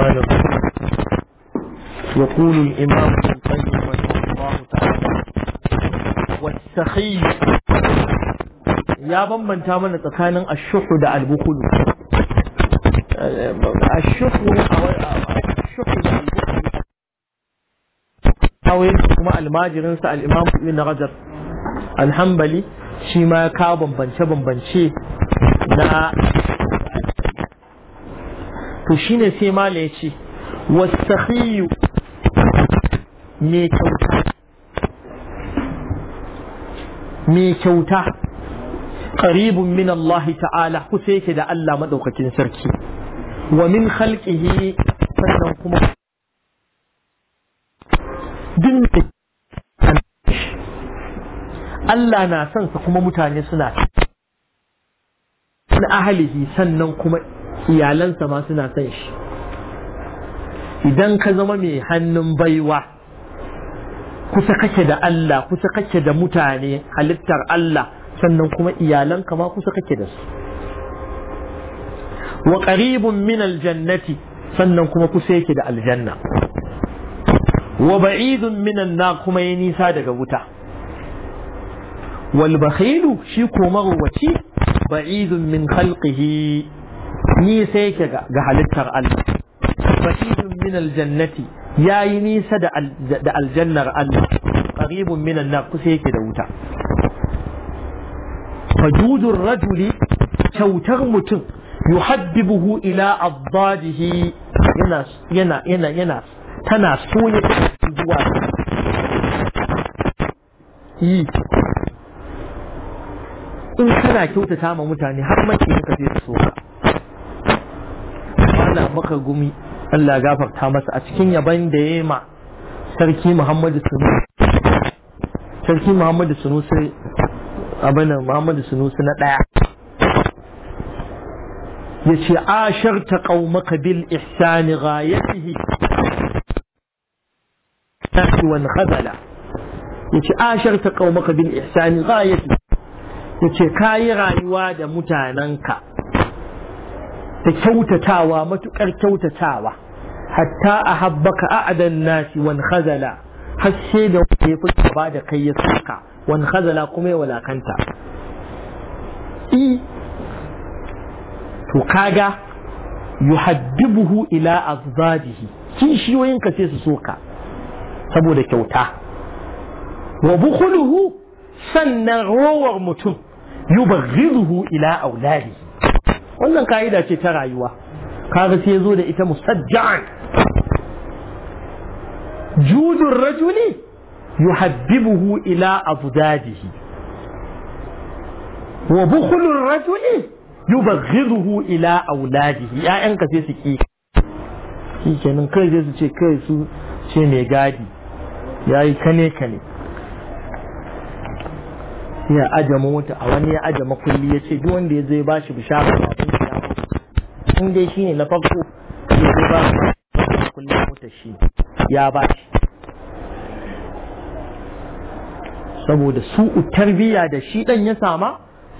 الرحمن الرحيم يقول الإمام القيم رحمه الله تعالى والسخي يا بمن تامن تكان الشح دع البخل الشح الشح دع البخل أو كما الماجر سأل الإمام ابن رجب الحنبلي شيما كابن بنشبن بنشي na to ne sai mala yace wasakhiyu me kyauta me kyauta qaribun min Allah ta'ala kusa yake da Allah madaukakin sarki wa min khalqihi sannan kuma din Allah na son kuma mutane suna na ahalihi sannan kuma iyalansa ma suna son shi idan ka zama mai hannun baiwa kusa kake da Allah kusa kake da mutane halittar Allah sannan kuma iyalanka ma kusa kake da su wa qaribun min aljannati sannan kuma kusa yake da aljanna wa ba'idun minan na kuma ya nisa daga wuta wal bakhilu shi ko mawaci ba'idun min khalqihi nisa ke ga halittar Allah ba'idun min aljannati yayi nisa da da aljannar Allah qaribun min annar kusa ke da wuta fajudur rajuli kyautar mutum yuhaddibuhu ila abadihi, yana yana yana yana tana soye zuwa yi in kana kyautata ma mutane har mace ka sai su so Ana maka gumi Allah gafarta masa a cikin yaban da ya ma sarki Muhammadu Sunusi sarki Muhammadu Sunusi abin Muhammadu Sunusi na ɗaya ya ce asharta qaumaka bil ihsani ghayatihi tashi wani khazala ya ce asharta qaumaka bil ihsani ghayatihi ya ce ka yi rayuwa da mutanenka da kyautatawa matuƙar kyautatawa hatta a habbaka a'adan nasi wan khazala har sai da wanda ya fi ba da kai ya saka wan khazala kuma ya walakanta i to kaga yuhaddibuhu ila azzajihi kishiyoyin ka sai su soka saboda kyauta wa bukhuluhu sannan rowar mutum yubghiduhu ila auladihi wannan ka'ida ce ta rayuwa kaga sai zo da ita mustajjan judun rajuli yuhabbibuhu ila abdadihi wa bukhulur rajuli yubghidhuhu ila auladihi ya'yanka sai su ki shi kenan kai sai su ce kai su ce mai gadi yayi kane kane ya aje mota a wani ya aje makulli ya ce duk wanda ya zai bashi bishara in dai ne na farko sai ba kullum motar shi ya ba shi saboda su biya da shi dan ya sama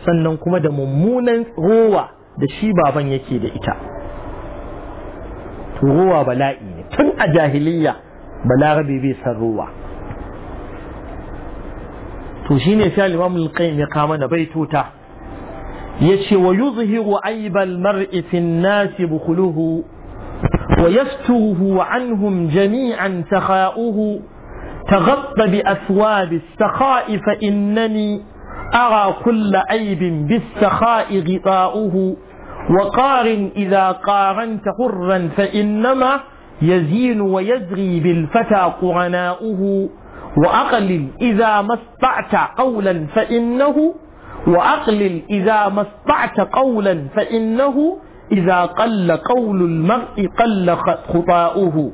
sannan kuma da mummunan rowa da shi baban yake da ita to rowa bala'i ne tun a jahiliya balarabe bai san rowa to shi ne sha imam al-qayyim ya kama na baitota يشي ويظهر عيب المرء في الناس بخله ويستره عنهم جميعا سخاؤه تغطى تغط بأثواب السخاء فإنني أرى كل عيب بالسخاء غطاؤه وقارن إذا قارنت حرا فإنما يزين ويزغي بالفتى قرناؤه وأقلل إذا ما استطعت قولا فإنه وأقلل إذا ما استطعت قولا فإنه إذا قل قول المرء قل خطاؤه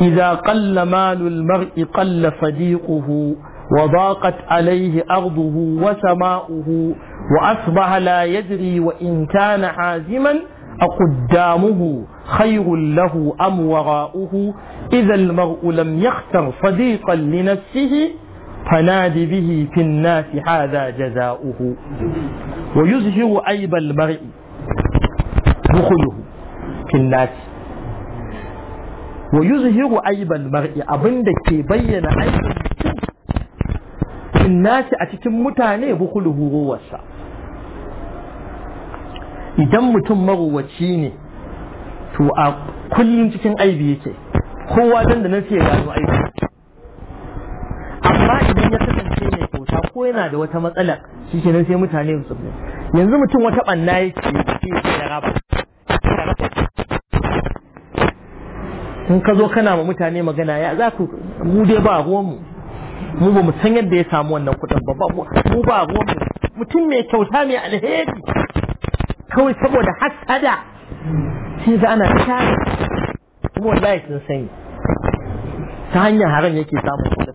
إذا قل مال المرء قل صديقه وضاقت عليه أرضه وسماؤه وأصبح لا يدري وإن كان حازما أقدامه خير له أم وراؤه إذا المرء لم يختر صديقا لنفسه فنادي bihi في الناس هذا جزاؤه ويزهر عيب aibal دخله في الناس ويزهر عيب المرء aibal mar'i abinda ke bayyana aibin a cikin mutane bukhluhu idan mutum maruwaci ne to a kullum cikin aibi yake kowa dan da sai ya gano aibi ko yana da wata matsala shi ke nan sai mutane su yanzu mutum wata banna yake yi da raba in ka zo kana ma mutane magana ya za ku mu dai ba ruwanmu mu ba mu san yadda ya samu wannan kuɗin ba mu ba ruwanmu mutum mai kyauta mai alheri kawai saboda hasada shi za ana tare kuma wallahi sun sani ta hanyar haram yake samun kudin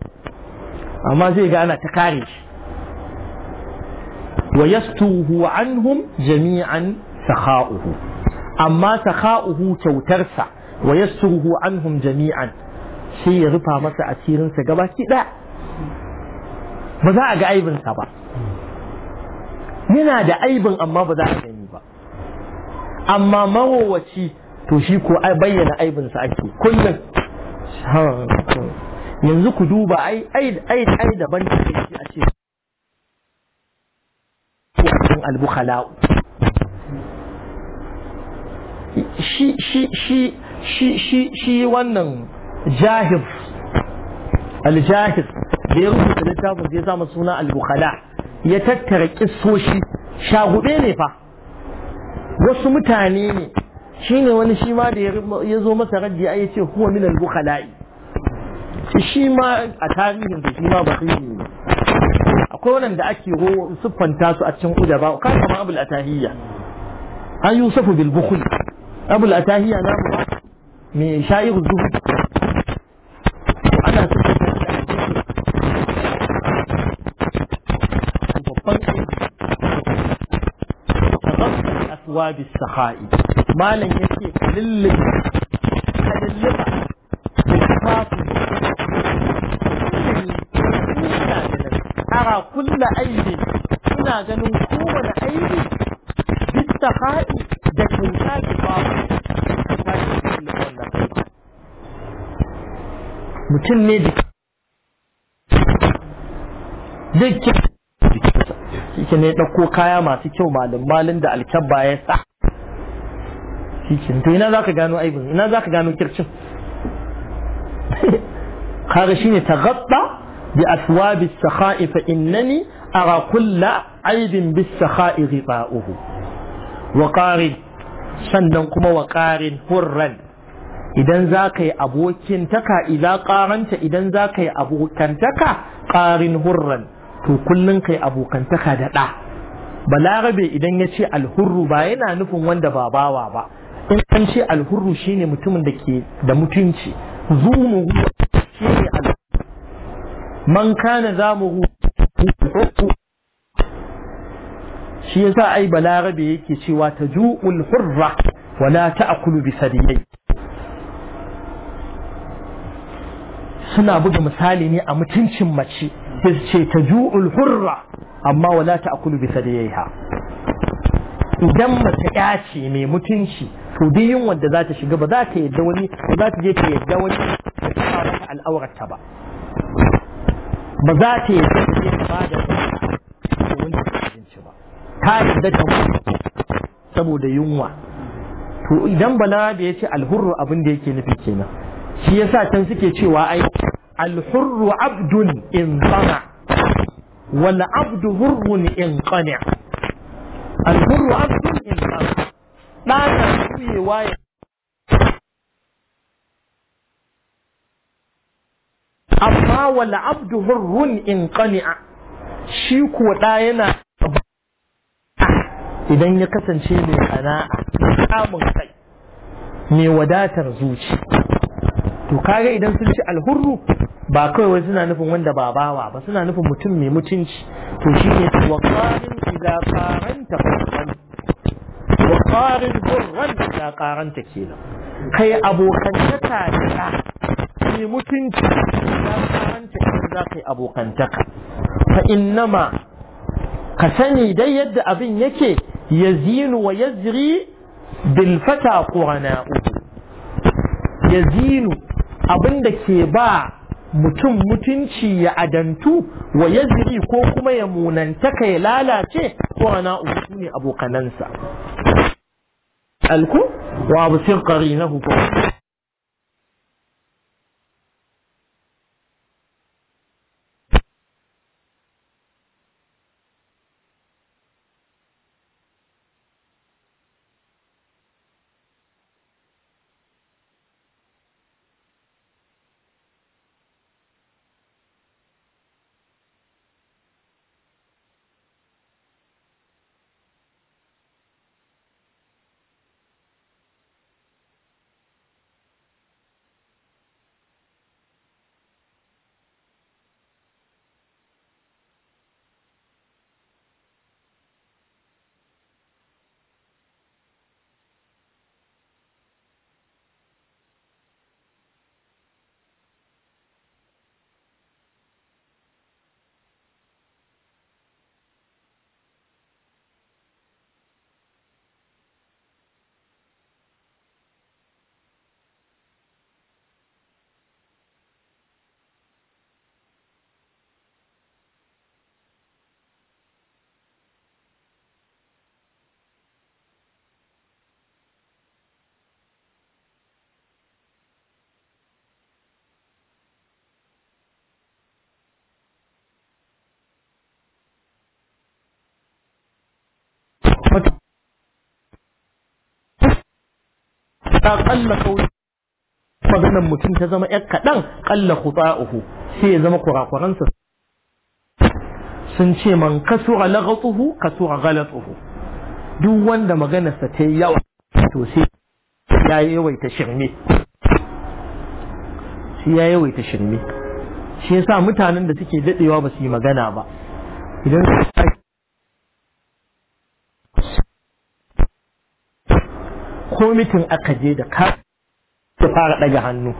amma zai ga ana ta kare shi wa yastuhu anhum jami'an sakha'uhu amma sakha'uhu sa wa yastuhu anhum jami'an sai ya rufa masa asirin asirinsa gabaki ɗaya ba za a ga aibinsa ba yana da aibin amma ba za a gani ba amma mawowaci to shi ko bayyana aibinsa ake kullum yanzu ku duba ai ai ai daban da shi a ce albukhala'u shi shi shi shi shi shi wannan jahir aljahir da ya rubuta littafin zai zama suna albukhala ya tattara kissoshi shagube ne fa wasu mutane ne shi ne wani shi ma da ya zo masa raddi ya ce huwa min albukhala'i shi ma a tarihin da shi ma ba ne akwai da ake siffanta su a cikin ba ka kama abul atahiya an yusufu bil bukhl abul atahiya na mu mi sha'ir zuhud ana siffanta shi a cikin babban aswabi saha'i malam yake lillin suna ganin kowane aini bisa haɗi da kyauta da babu mutum ne jiki duk jikinsa shi ne ɗauko kaya masu kyau malin malin da alkyabba ya sa shi to ina za ka gano aibin ina za ka gano kircin kaga shi ne ta gaɓɓa bi aswabi sakha'i fa innani ara kulla Aidin bis sakha'i ghiba'uhu sannan kuma wa hurran idan za ka yi abokintaka idan karanta idan za ka yi abokantaka ƙarin hurran to kullum ka yi abokantaka da ɗa balarabe idan ya ce alhurru ba yana nufin wanda ba bawa ba in an ce alhurru shine mutumin da ke da mutunci shi ne al man kana zamuhu shi yasa ai balarabe yake cewa tajuul hurra wa la ta'kulu suna buga misali ne a mutuncin mace sai ce ta ju'ul hurra amma wa la ta'kulu idan mace ya ce mai mutunci to duk yin wanda za ta shiga ba za ta yadda wani ba za ta je ta yadda wani ta ba ba za ta yadda ta ba da ta yadda ta saboda yunwa to idan bala da ce alhurru abin da yake nufi kenan shi yasa can suke cewa ai alhurru abdun in sana wal abdu hurrun in qani alhurru abdun in sana ɗana ya amma wal abdu hurrun in qani shi kuwa ɗa yana idan ya kasance mai sana'a samun kai mai wadatar zuci to kaga idan sun ci alhurru ba kawai wai suna nufin wanda ba bawa ba suna nufin mutum mai mutunci to shi ne wakarin idza qaranta qurran wakarin qurran idza qaranta kenan kai abokantaka da mai mutunci idza qaranta idan za kai abokantaka fa innama ka sani dai yadda abin yake yazinu wa bilfata bil fata qurana'u yazinu abinda ke ba mutum mutunci ya adantu wa yazri ko kuma ya munantaka ya lalace uku sune abokanansa alku wa absir qarinahu kalla kawai maganan mutum ta zama yar kadan qalla uku, sai ya zama kurakuransa sun ce man kasura laghatuhu kasura tsuhu. duk wanda maganarsa ta yi yawa to sai ya ta shirme shi ya ta shirme shi sa mutanen da suke dadewa ba su yi magana ba idan mitin aka je da ka fara daga hannu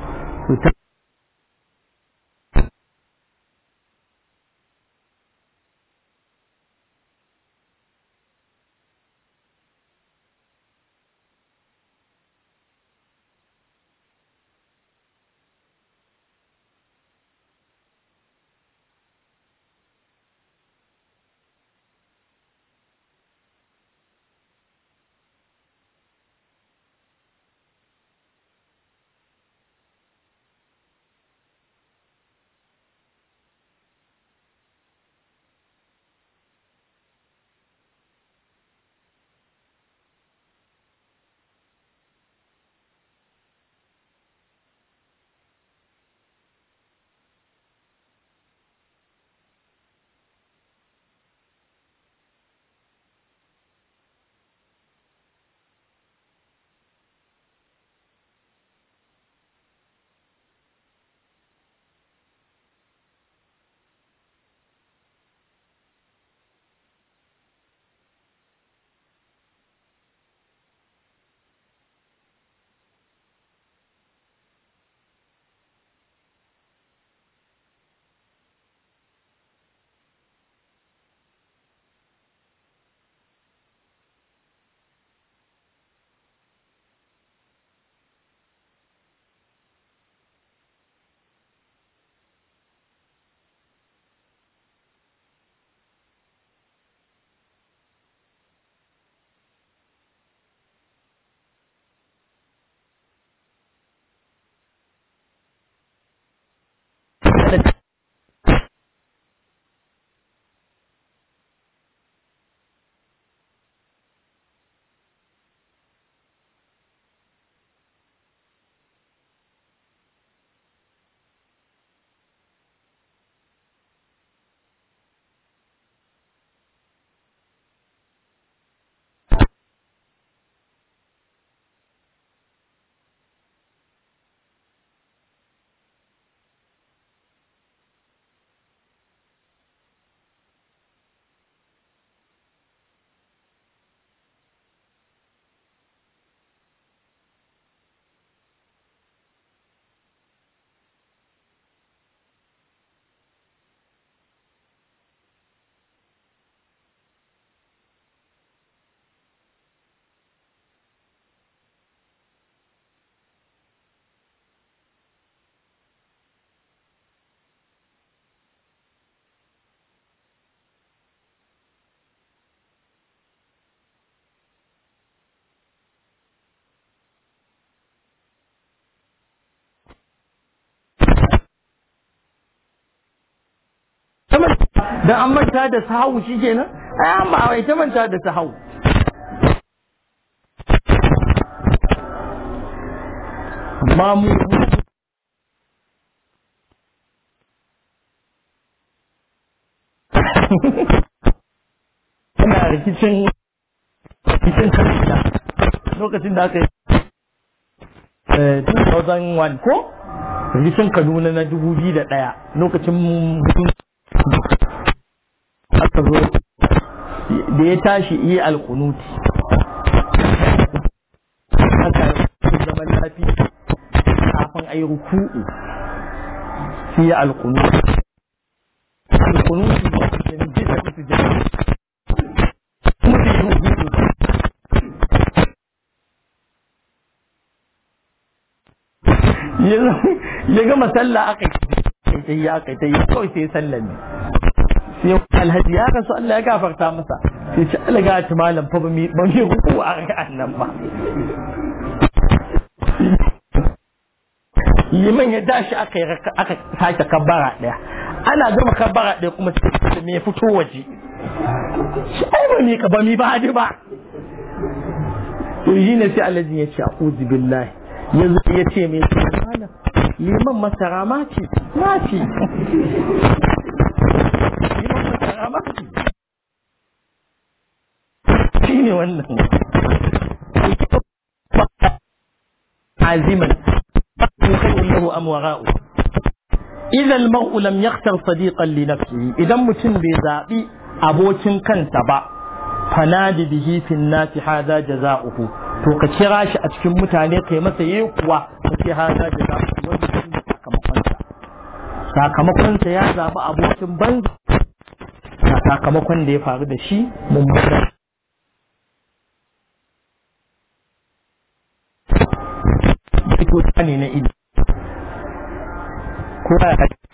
dan an manta da sahau shikenan ai an ba wai ta manta da sahau amma mu ana rikicin rikicin tarihi lokacin da aka yi 2001 eh, ko rikicin kaduna na 2001 lokacin ta zo da ya tashi iya alkunuti haka zaman lafiya kafin a yi ruku'u su ya alkunuti alkunuti da su jami'i da su jami'i ya gama sallah aka yi ta yi aka yi ta yi kawai sai sallah ne sai alhaji ya rasu Allah ya gafarta masa ya ci alaga ta malam fa ba mai ruku a ga annan ba liman ya dashi aka yi aka sake kabbara daya ana gama kabbara daya kuma sai me fito waje shi ai ba ka ba mai ba ba to yi ne sai alhaji ya ce a'udhu billahi yanzu ya ce mai me malam liman masara ma ce ma ce amatu shi ne wannan aziman khairu lahu am wara'u idan al-mar'u lam yakhtar sadiqan li nafsihi idan mutum bai zaɓi abokin kanta ba fanadi bihi fin fi nati za uku, to ka kira shi a cikin mutane kai masa yi eh kuwa ka ce hadha jaza'uhu wannan sakamakonsa sakamakonsa ya zaɓi abokin banza sakamakon da ya faru da shi mun mutu fitota ne na ilimi ko ya